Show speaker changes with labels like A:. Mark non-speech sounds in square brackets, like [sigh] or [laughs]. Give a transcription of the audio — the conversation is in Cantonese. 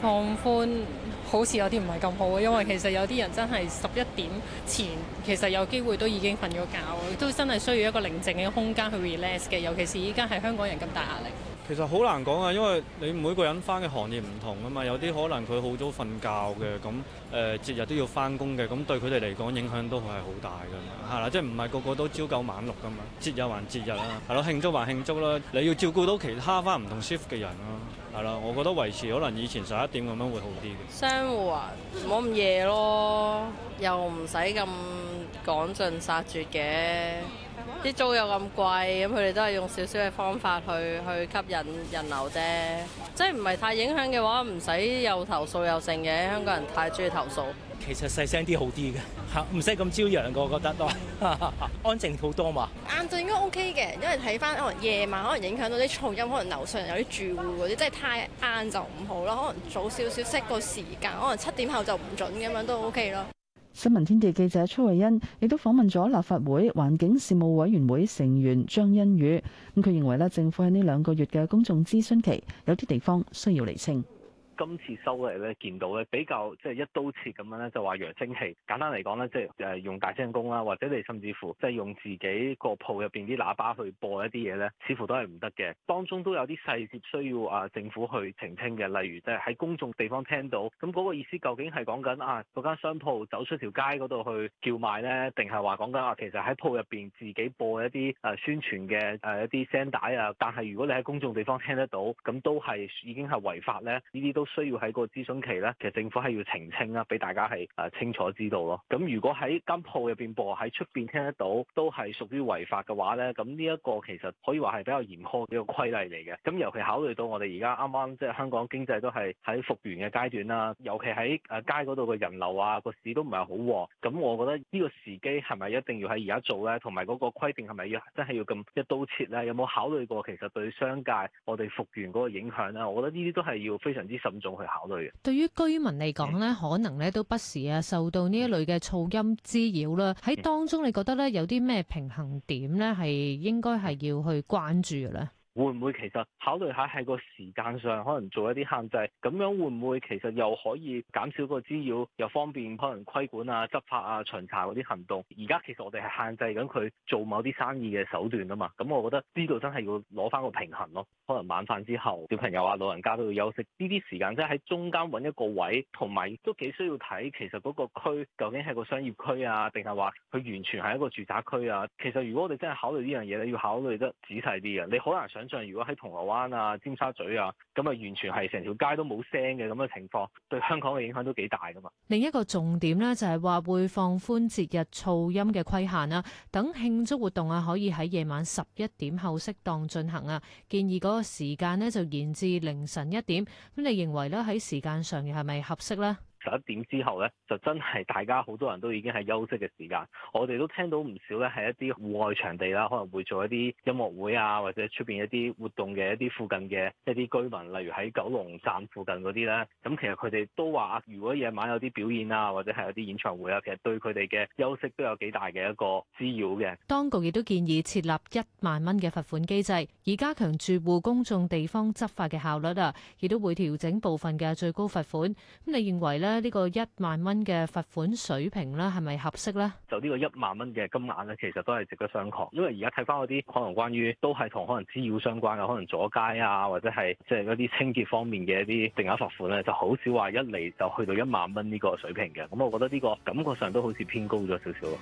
A: 放寬好似有啲唔係咁好啊，因為其實有啲人真係十一點前，其實有機會都已經瞓咗覺，都真係需要一個寧靜嘅空間去 relax 嘅。尤其是依家係香港人咁大
B: 壓力。其實好難講啊，因為你每個人返嘅行業唔同啊嘛，有啲可能佢好早瞓覺嘅，咁誒、呃、節日都要返工嘅，咁對佢哋嚟講影響都係好大㗎嘛。係啦，即係唔係個個都朝九晚六㗎嘛？節日還節日啦、啊，係咯，慶祝還慶祝啦、啊，你要照顧到其他返唔同 shift 嘅人咯、啊。係啦，我覺得維持可能以前十一點咁樣會好啲嘅。
A: 商戶啊，唔好咁夜咯，又唔使咁趕盡殺絕嘅。啲租又咁貴，咁佢哋都係用少少嘅方法去去吸引人流啫。即係唔係太影響嘅話，唔使又投訴又剩嘅。香港人太鍾意投訴。
B: 其實細聲啲好啲嘅嚇，唔使咁招搖嘅，我覺得都 [laughs] 安靜好多嘛。晏晝應該 OK 嘅，因為睇翻可能夜晚可能影響到啲噪音，可能樓上有啲住戶嗰啲，即係太晏就唔好啦。可能早少少識個時間，可能七點後就唔準咁樣都 OK 咯。
A: 新聞天地記者崔蔚恩亦都訪問咗立法會環境事務委員會成員張欣宇，咁佢認為咧，政府喺呢兩個月嘅公眾諮詢期，有啲地方需要釐清。
B: 今次修例咧，見到咧比較即係一刀切咁樣咧，就話揚聲器。簡單嚟講咧，即係誒用大聲公啦，或者你甚至乎即係用自己個鋪入邊啲喇叭去播一啲嘢咧，似乎都係唔得嘅。當中都有啲細節需要啊政府去澄清嘅，例如即係喺公眾地方聽到，咁嗰個意思究竟係講緊啊嗰間商鋪走出條街嗰度去叫賣咧，定係話講緊啊其實喺鋪入邊自己播一啲誒宣傳嘅誒一啲聲帶啊？但係如果你喺公眾地方聽得到，咁都係已經係違法咧。呢啲都需要喺個諮詢期咧，其實政府係要澄清啦，俾大家係啊、呃、清楚知道咯。咁如果喺間鋪入邊播喺出邊聽得到，都係屬於違法嘅話咧，咁呢一個其實可以話係比較嚴苛嘅一個規例嚟嘅。咁尤其考慮到我哋而家啱啱即係香港經濟都係喺復原嘅階段啦，尤其喺誒街嗰度嘅人流啊，個市都唔係好旺。咁我覺得呢個時機係咪一定要喺而家做咧？同埋嗰個規定係咪要真係要咁一刀切咧？有冇考慮過其實對商界我哋復原嗰個影響咧？我覺得呢啲都係要非常之慎重。種去考慮
A: 嘅，對於居民嚟講咧，可能咧都不時啊受到呢一類嘅噪音滋擾啦。喺當中，你覺得咧有啲咩平衡點咧，係應該係要去關注嘅咧？
B: 會唔會其實考慮下喺個時間上可能做一啲限制，咁樣會唔會其實又可以減少個滋擾，又方便可能規管啊、執法啊、巡查嗰啲行動？而家其實我哋係限制緊佢做某啲生意嘅手段啊嘛，咁我覺得呢度真係要攞翻個平衡咯。可能晚飯之後，小朋友啊、老人家都要休息，呢啲時間真係喺中間揾一個位，同埋都幾需要睇其實嗰個區究竟係個商業區啊，定係話佢完全係一個住宅區啊？其實如果我哋真係考慮呢樣嘢，你要考慮得仔細啲嘅，你好難想。如果喺銅鑼灣啊、尖沙咀啊，咁啊完全係成條街都冇聲嘅咁嘅情況，對香港嘅影響都幾大噶嘛。
A: 另一個重點呢，就係話會放寬節日噪音嘅規限啊，等慶祝活動啊可以喺夜晚十一點後適當進行啊。建議嗰個時間呢就延至凌晨一點。咁你認為呢喺時間上係咪合適呢？
B: 十一點之後呢，就真係大家好多人都已經係休息嘅時間。我哋都聽到唔少呢係一啲戶外場地啦，可能會做一啲音樂會啊，或者出邊一啲活動嘅一啲附近嘅一啲居民，例如喺九龍站附近嗰啲咧。咁其實佢哋都話，如果夜晚有啲表演啊，或者係有啲演唱會啊，其實對佢哋嘅休息都有幾大嘅一個滋擾嘅。
A: 當局亦都建議設立一萬蚊嘅罰款機制，以加強住戶公眾地方執法嘅效率啊。亦都會調整部分嘅最高罰款。咁你認為呢？呢個一萬蚊嘅罰款水平咧，係咪合適呢？
B: 就呢個一萬蚊嘅金額呢，其實都係值得商榷。因為而家睇翻嗰啲可能關於都係同可能滋擾相關嘅，可能阻街啊，或者係即係嗰啲清潔方面嘅一啲定額罰款呢，就好少話一嚟就去到一萬蚊呢個水平嘅。咁我覺得呢個感覺上都好似偏高咗少少咯。